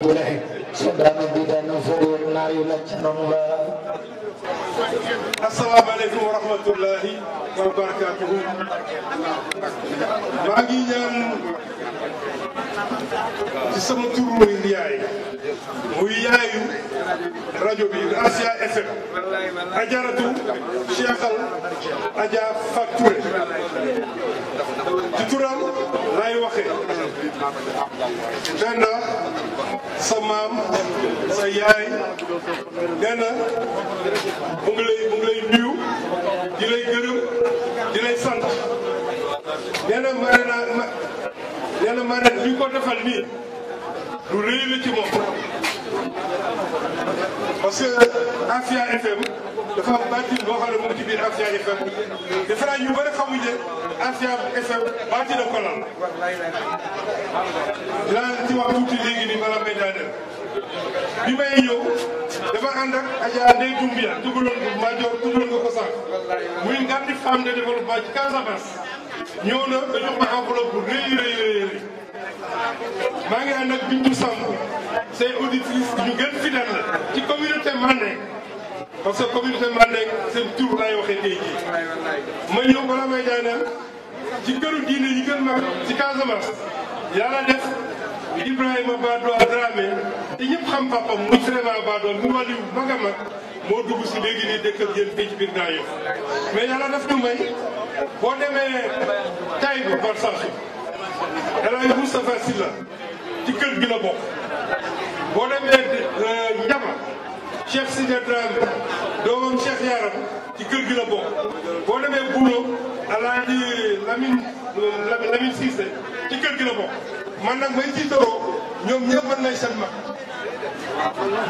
Abdoulaye so dano bidano fo nayu laccanom la assalamu aleykum wa rahmatullahi wa barakatuhu maa ngi ñaan ci sama tur mooy yaay muy yaayu rajo bi Gracia FM ajaratu Cheikhal Adja Fatou ci lay waxee nee na sa maam mu ngi lay mu ngi lay nuyu di lay gërëm di lay sant ma yàlla ma ne li ko defal nii lu rëy la ci moom parce Afia FM dafa am baatin boo xam ci biir Afia FM defe naa ñu bëri xamuñ Afia FM baatin ko lan dinaa ci wax tuuti léegi nii bala may bi may ñëw dafa ànd ak Adja Ndeye Doumbia dugaloon ko Madior dugaloon nga ko sànq muy grande femme de développement ci Casamance ñëw na ba jox ma maa ngi ànd ak Bintou Samb say auditrice ñu gën fidèle la ci communauté Mandeng parce que communauté Mandeng seen tur laay waxee tey jii ma ñëw bala may daaneel ci këru diine yi gën mag ci Casamance yàlla def Ibrahima Badois Dramé te ñëpp xam papam muy Souleymane Badois mu wàllu mag mag moo dugg si léegi nii dëkk ak yéen fii ci biir Grand Yoff mais yàlla may boo demee tay bi Barsasou El Hadj Moustapha ci kër gi la bokk boo demee euh, Njama Cheikh Sidia Dramé doomam ci kër gi la bokk boo demee Boulo euh, ci kër gi la bokk man nag may jiitaroo ñoom ñëpp man may seen mag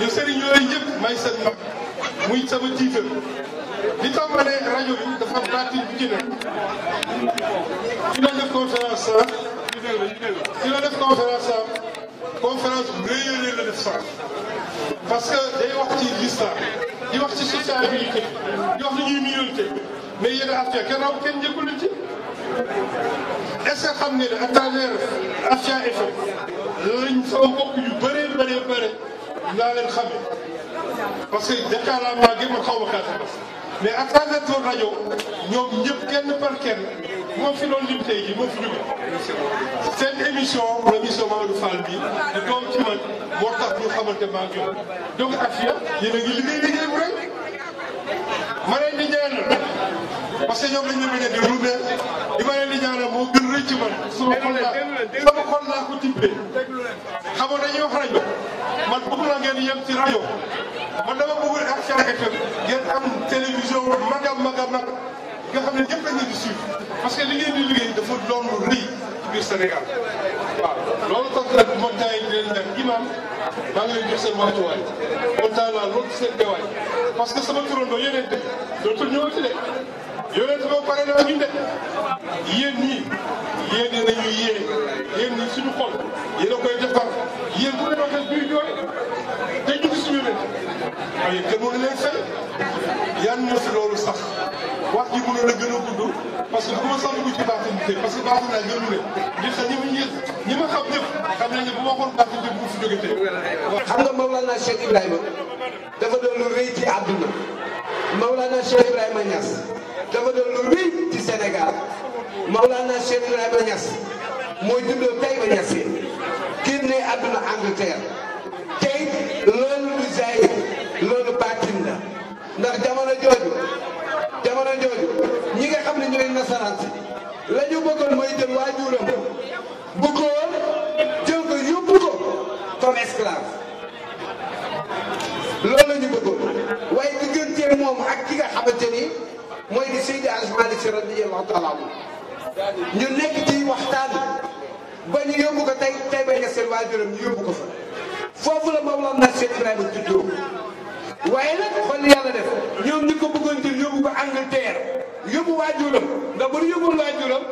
ñu sëriñ yooyu yëpp may seen mag muy sama jiital li tàmbalee rajo bi dafa am baatin bu ci nekk dina def conférence sa ah. dina def conférence sa ah. conférence bu réy la def sax parce que day wax ci l'islam di wax ci sociabilité di wax ni ñuy minorité mais yéen a Afia kenn raw kenn njëkkul la ci est-ce que xam ngeen ne à travers Afia FM lañ sama mbokk yu bëree bëree bëri laa leen xamee parce que jaakaarlaamaa gi man xaw ma Casamance mais à travers ton rajo ñoom ñëpp kenn par kenn moom fi doon lim tey jii moo fi jógee. seen émission émission bi di doom ci man moo tax ñu xamante maa ngi donc Afia yéen a ngi liggéey liggéey ma leen di ñaanal parce que ñoom dañu leen di déglu mais li ma leen di moo gën rëcc su sama xol laa sama xol laa ko tibbee xam nga dañuy wax man bëgg naa ngeen yem ci rajo man dama bëgg Action FM ngeen am télévision mag a mag a mag nga xam ne ñëpp dañu di suivre parce que li ngeen di liggéey dafa doon lu ci biir Sénégal waaw loolu tax nag moom temps yi di leen dem imam maa ngi leen jox seen wàccuwaay kontaan naa loolu seen teewaay parce que sama turandoo yeneen dëkk dootul ñëwati de yonent ba pare naa ñu de yéen ñii yéen nañu yéen yéen ñi suñu xol yéen a koy defar yéen bu ne te ñu gis ñu ne waaye kenn mënu leen fay yan na si loolu sax wax ji mënoon a gën a gudd parce que du ma sax dugg ci baaxu bi parce que baaxu naa gënu ne di xa ñi ñi ñi ma xam ñëpp xam nañ ne bu ma waxoon baaxu bi bu fi jóge tey xam nga Mawlana Cheikh Ibrahima dafa doon lu rëy ci àdduna Mawlana Cheikh Ibrahima Niass dafa doon lu rëy ci Sénégal Mawlana Cheikh Ibrahima Niass mooy juddoo Taïba Niassène génnee àdduna Angleterre jamono jooju jamono jooju ñi nga xam ne ñooy nasaraan si la ñu bëggoon mooy jël waajuram bu góor jël ko yóbbu ko comme esclave loolu la ñu bëggoon waaye diggante moom ak ki nga xamante ni mooy di Seydi Hadji Malick Sy radiyallahu taala anhu ñu nekk ci waxtaan ba ñu yóbbu ko tey tey ba ñu seen waajuram ñu yóbbu ko fa foofu waaye nag xool yàlla def ñoom ñi ko bëggoon jël yóbbu ko Angleterre yóbbu waajuram ndax bu ñu yóbbu waajuram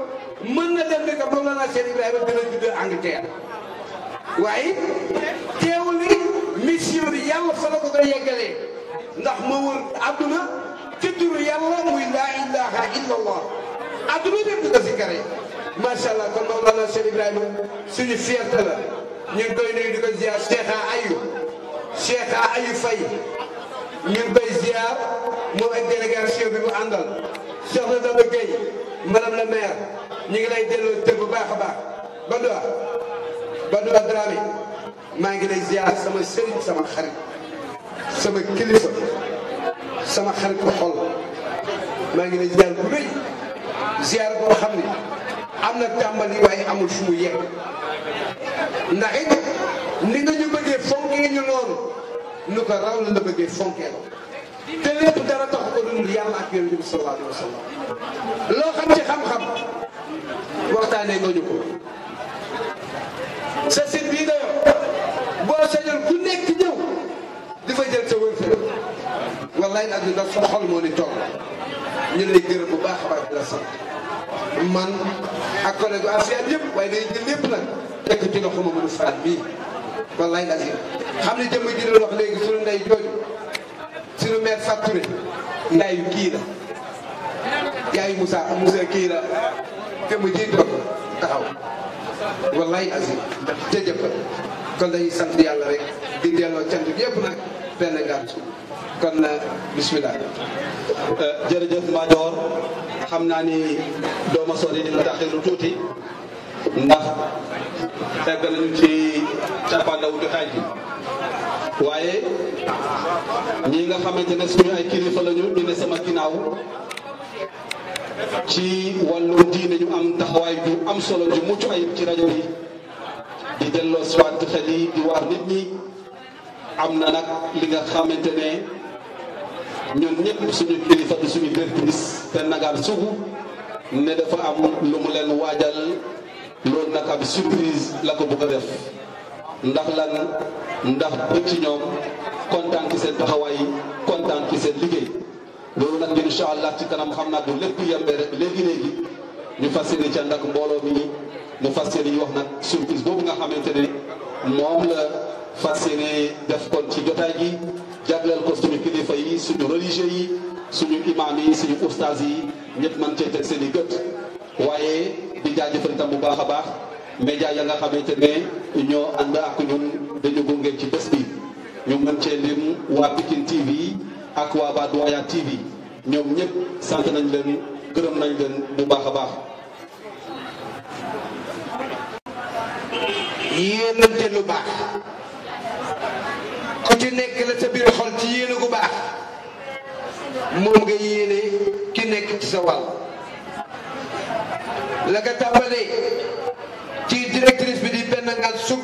mën na dem rek ba Mawlana Cheikh Ibrahima dina judd Angleterre waaye teewul mission yàlla fa la ko doon yeggalee ndax ma wër àdduna ci turu yàlla muy laa ilaha illa allah àdduna bépp nga si kare macha allah kon Mawlana Cheikh Ibrahima suñu fierté la ñu ngi koy nuyu di ko ziar Cheikh Ayou Cheikh Ayou Faye ñu ngi koy ziar moom ak délégation bi mu àndal soxna Dado Gueye madame ñu ngi lay delloo tëb bu baax a baax Badoa Badoa Dramé maa ngi lay ziar sama sëriñ sama xarit sama kilifa sama xarit bu xol maa ngi lay ziar bu rëy ziar boo xam ni am na tàmbali waaye amul fu mu yegg ndax it ni nga ñu bëggee fonk nga ñu noonu. lu ko raw la la bëggee fonkee la te lépp dara taxu ko dundul ak yonent bi sallallahu alayhi wa sallam xam ci xam-xam waxtaanee nga ñu ko sa sit bii nga yor boo sañoon ku nekk ñëw di fa jël sa wërsëg wallaay nag ndax sa xol moo ni toog ñu bu baax a baax di la sant man ak collègue bu ASIAN yëpp waaye day jël lépp nag tekk ci loxo Mamadou Fall bii xam ne jëmm ji doon wax léegi suñu ndey jooju suñu mère Saturé ndayu kii la yaayu Moussa Moussa kii la te mu jiit doon taxaw wallaay asim jëjëfal kon dañuy sant yàlla rek di delloo cant yëpp nag benn gàtt kon euh, bismillah euh, jërëjëf Madior xam naa ni dooma sori dina taxilu tuuti ndax fekk nañu ci cappaandawu jotaay bi waaye ñi nga xamante ne suñu ay kilifa lañu ñu ne sama ginnaaw ci wàllu diine ñu am taxawaay bu am solo ju mucc ayib ci rajo yi di delloo siwaat xel yi di waar nit ñi am na nag li nga xamante ne ñun ñëpp suñu kilifa bi suñu directrice te nagaan sugu ne dafa am lu mu leen waajal loolu nag ab surprise la ko bëgg def ndax lan ndax bëgg ci ñoom kontaan ki seen taxawaay kontaan ci seen liggéey loolu nag incha allah ci kanam xam naa bu lépp yembee rek léegi léegi ñu fas yéene ca ndak mbooloo mi ñu fas yéene wax nag surprise boobu nga xamante ne moom la fas yéene def kon ci jotaay gi jagleel ko kilifa yi suñu religieux yi suñu imaam yi suñu ustaas yi ñëpp mën cee teg seen i gët waaye di jaajëfal itam bu baax a baax. média ya nga xamante ne ñoo ànd ak ñun dañu gunge ci bés bi ñu mën cee lim waa Pikine TV ak waa Badoaya TV ñoom ñëpp sant nañ leen gërëm nañ leen bu baax a baax. yéenante lu baax ku ci nekk la sa biir xol ci yéene gu baax moom nga yéene ki nekk ci sa wàll la nga tàmbalee. ngal sugg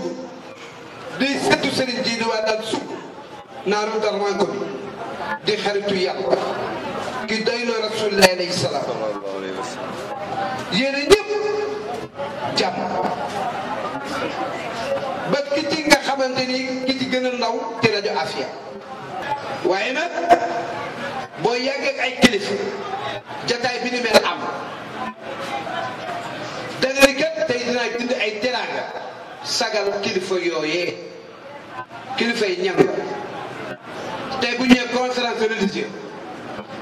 di setu sëriñ ji di waa dal sugg naaru darman ko bi di xaritu yàlla ki doy loo rasulillah alayhi salaam yéen a ñëpp jàmm ba ki ci nga xamante ni ki ci gën a ndaw ci rajo Afia waaye nag boo yàggee ay kilifa jataay bi ni mel am da nga kat tey dinaa bind ay teraanga sagal kilifa yooyee kilifa yi ñam tey bu ñëwee conférence religieuse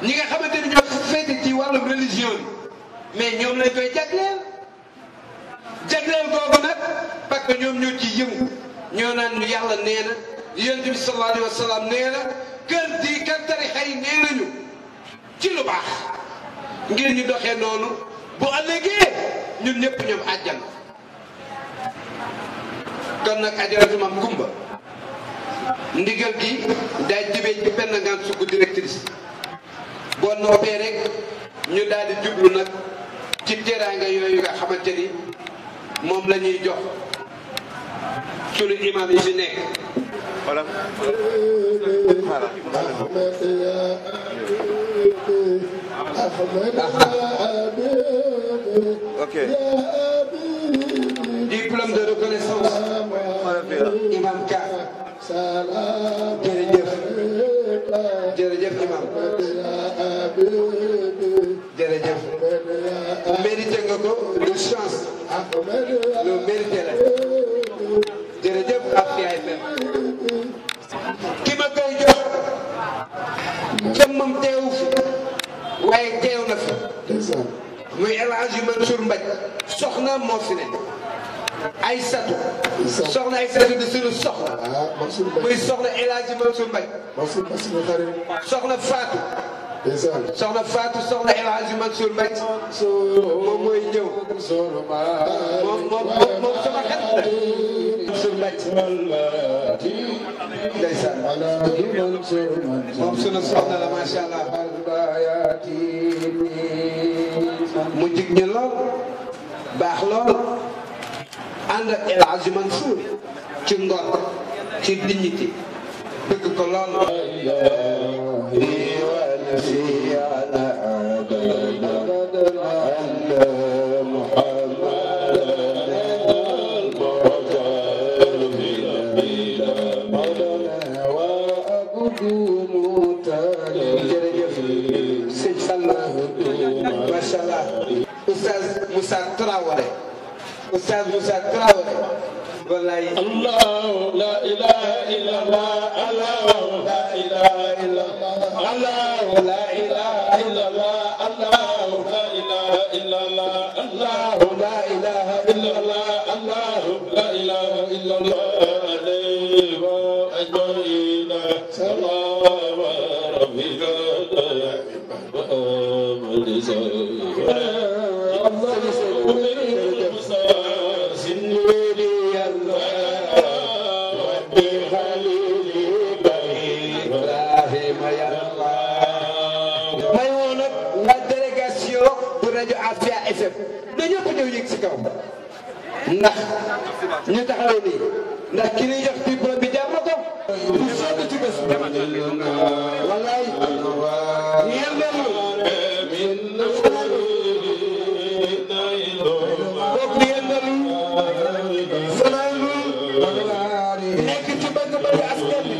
ñi nga xamante ni ñoo féete ci wàllum religion bi mais ñoom lañ koy jagleel jagleel googu nag parce que ñoom ñoo ci yëngu ñoo naan yàlla nee na yonent bi sallallahu alayhi nee na kër di kan tarixa yi nee nañu ci lu baax ngir ñu doxe noonu bu ëllëgee ñun ñëpp ñoom àjjana kon nag ajaratu maam Kumba ndigal gi day jibee ci benn ngaan sugg directrice boo noppee rek ñu daal di jublu nag ci teraanga yooyu nga xamante ni moom la ñuy jox sunu imam yi fi nekk wala diplôme de reconnaissance imam Ka jërëjëf jërëjëf imam jërëjëf mérité nga ko de chance lu mérité la Mansour Mbaye muy soxna El Hadji Mansour Mbaye. Mansour Mbaye suñu xarit. soxna Fatou. ndeysaan soxna Fatou soxna El Hadji Mansour Mbaye. moom mooy ñëw. moom moom moom sama xarit la. Mansour Mbaye. ndeysaan. moom suñu soxna la macha allah. mu jig ñu lool. baax lool. ànd ak El Hadji Mansour ci ngor. ci dignité bëgg ko lool الله الله لا إله إلا الله bi ndax ki ñuy def bi bërëb bi jar na ko. bu sedd ci bés. wallaay. ñeel na ñu. kooku ñeel na ñu. fanaan ñu. nekk ci bëgg bëgg askan bi.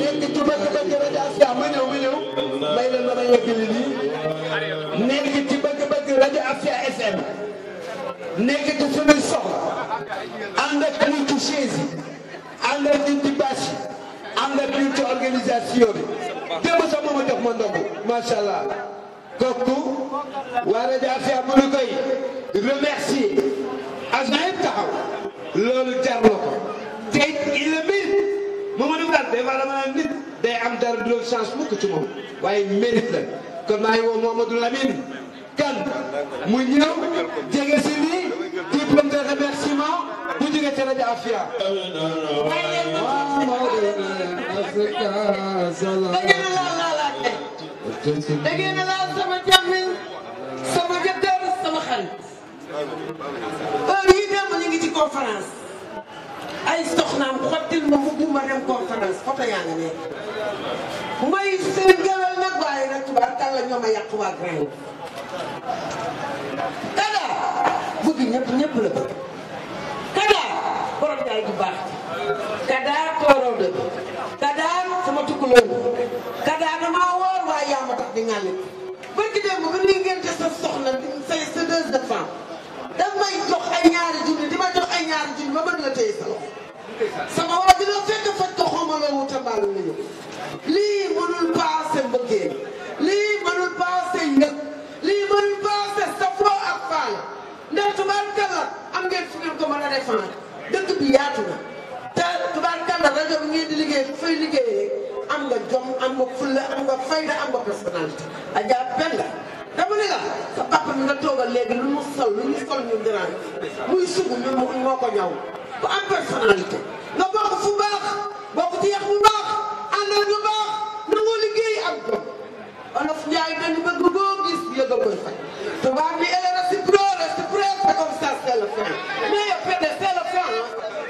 nekk ci bëgg bëgg rajo askan ma ñëw ma ñëw. may leen ma yegg li nii. nekk ci bëgg bëgg rajo Afia FM. nekk ci suñuy soxla. ànd ak nit ci chaise ànd ak nit ci bâche ànd ak nit ci organisation bi démb sax moom a jox ma ndogu macha allah kooku Afia bu ñu koy remercier ak na yëpp loolu jar na ko il le mérite moom la ñu daal des fois nit day am dara du loolu chance mukk ci moom waaye mérite la kon maa ngi woo Mamadou Lamine kan mu ñëw jege diplôme de remerciement bu jóge ci rajo Afia. da ngeen a laal sama jàmmi sama jëkkër sama xarit heure yii dem ñu ngi ci conférence ay soxnaam xottil ma mu ma dem conférence foto yaa nga nekk may seen gëwël nag waaye nag tubaab tàlla ñoo ma yàq waa Grand bëgg ñëpp ñëpp la bëgg kadaa borom daal du baax kadaa tooroo dëgg kadaa damaa woor waaye yaa ma tax di ŋàllit bëgg démb bi nuy ngénte sa soxna sa deux de daf may jox ay ñaari junni di jox ay ñaari junni ma mën la téye sama waa di la fekk faj ko xamaloo wuta mbaalu nuyu lii mënul paase mbëggeel lii tubaarkalla am ngeen fu ngeen ko mën a def nag dëkk bi yaatu na te tubaarkalla rajo bi ngeen di liggéey bu fay liggéeyee am nga jom am nga fulla am nga fayda am nga personnalité Adja Penda dama ne la sa papa mi nga toogal léegi lu mu sol lu mu sol ñu grand muy sugu ñu moo ko ñaw ku am personnalité nga bokk fu baax bokk ci yax bu baax àndal ñu baax nangoo liggéey ak jom olof Njaay dañu bëgg boo gis yëgal koy fay tubaab bi ça c'est le fin. Mais PDS c'est le fin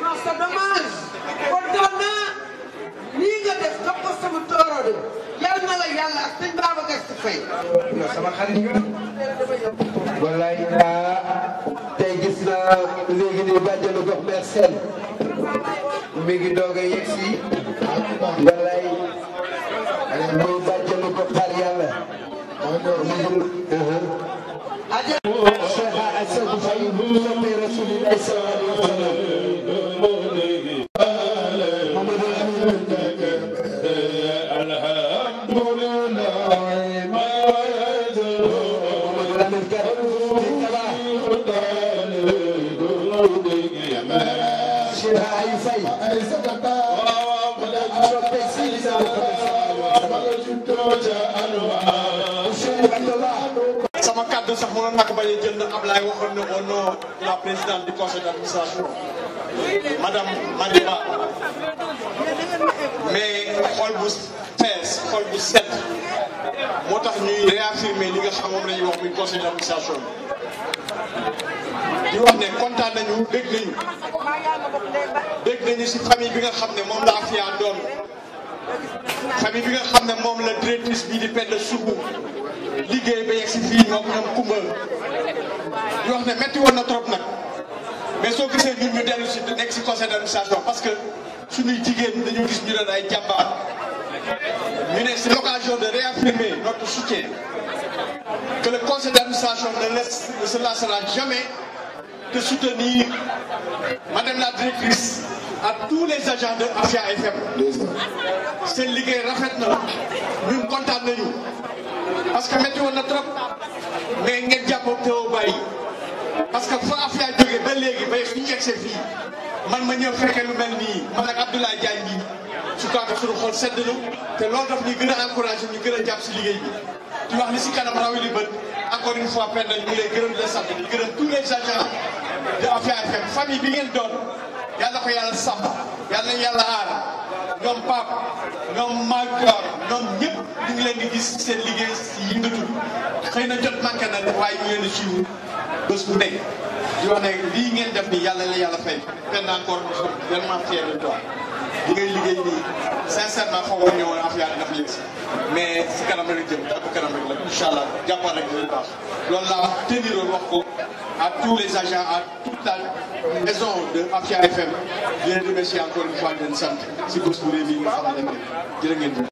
non c'est dommage kon doon naa lii nga def jox ko sama tooroo de yal na la yàlla ak sëñ Babacar Sy Faye. yow sama xarit nga. wallaay ah, tey gis naa léegi nii bàjjenu gox mère Sène mi ngi doog a yegg si wallaay muy bàjjenu gox xaar yàlla. أسد خلق رسول الله صلى الله عليه وسلم محمد الأمين الحمد لله ما يزول محمد الأمين شيخ عيسى عيسى sama kàddu sax mu doon campagne jël na Ablaye waxoon na au nom la présidente du conseil d'administration madame Madiba mais xol bu fees xol bu set moo tax ñuy réaffirmer li nga xam moom la ñuy wax muy conseil d'administration bi di wax ne kontaan nañu dégg nañu dégg nañu si famille bi nga xam ne moom la Afia doon famille bi nga xam ne moom la directrice bi di Penda Sougou liggéey ba yegg si fii moom ñoom kumba yoo xam ne métti woon na trop nag mais soo gisee ñun ñu dellu si nekk si conseil d'administration parce que suñuy jigéen dañoo gis ñu doon ay jàmbaar ñu ne c'est l'occasion de réaffirmer notre soutien que le conseil d'administration ne laisse ne se lassera jamais de soutenir madame la directrice ak tous les agents de Afia FM seen liggéey rafet na ñun kontaan nañu parce que métti woon na trop mais ngeen jàppoo teewoo bàyyi parce que fa af laa ba léegi bay suñu yegsee fii man ma ñëw fekkee lu mel nii man ak Abdoulaye Diagne bi su kaaka suñu xol sedd na te loolu daf ñuy gën a encouragé ñu gën a jàpp si liggéey bi di wax ni si kanam raw li bët encore une fois Penda ñu ngi lay gërëm di la sant di gërëm tous les agents de Afia FM famille bi ngeen doon yàlla ko yàlla sàmm yàlla yàlla aar ñoom Pape ñoom Magor ñoom ñëpp ñu ngi leen di gis seen liggéey si yëngatu bi xëy na jot manqué na def waaye ñu leen di suivre bés bu nekk di lii ngeen def ni yàlla la yàlla fay. benn encore vraiment fier de toi li ngay liggéey nii. sincèrement xaw a ñëwoon ak yàlla daf yéegsi mais si kanam rek jëm ak kanam rek la incha allah jàppal rek dinañ baax loolu laa à tous les agents à toute la maison de Afia FM di leen remercier encore une fois di leen sant si bés bu rëy bi nga xam ne ngeen jëf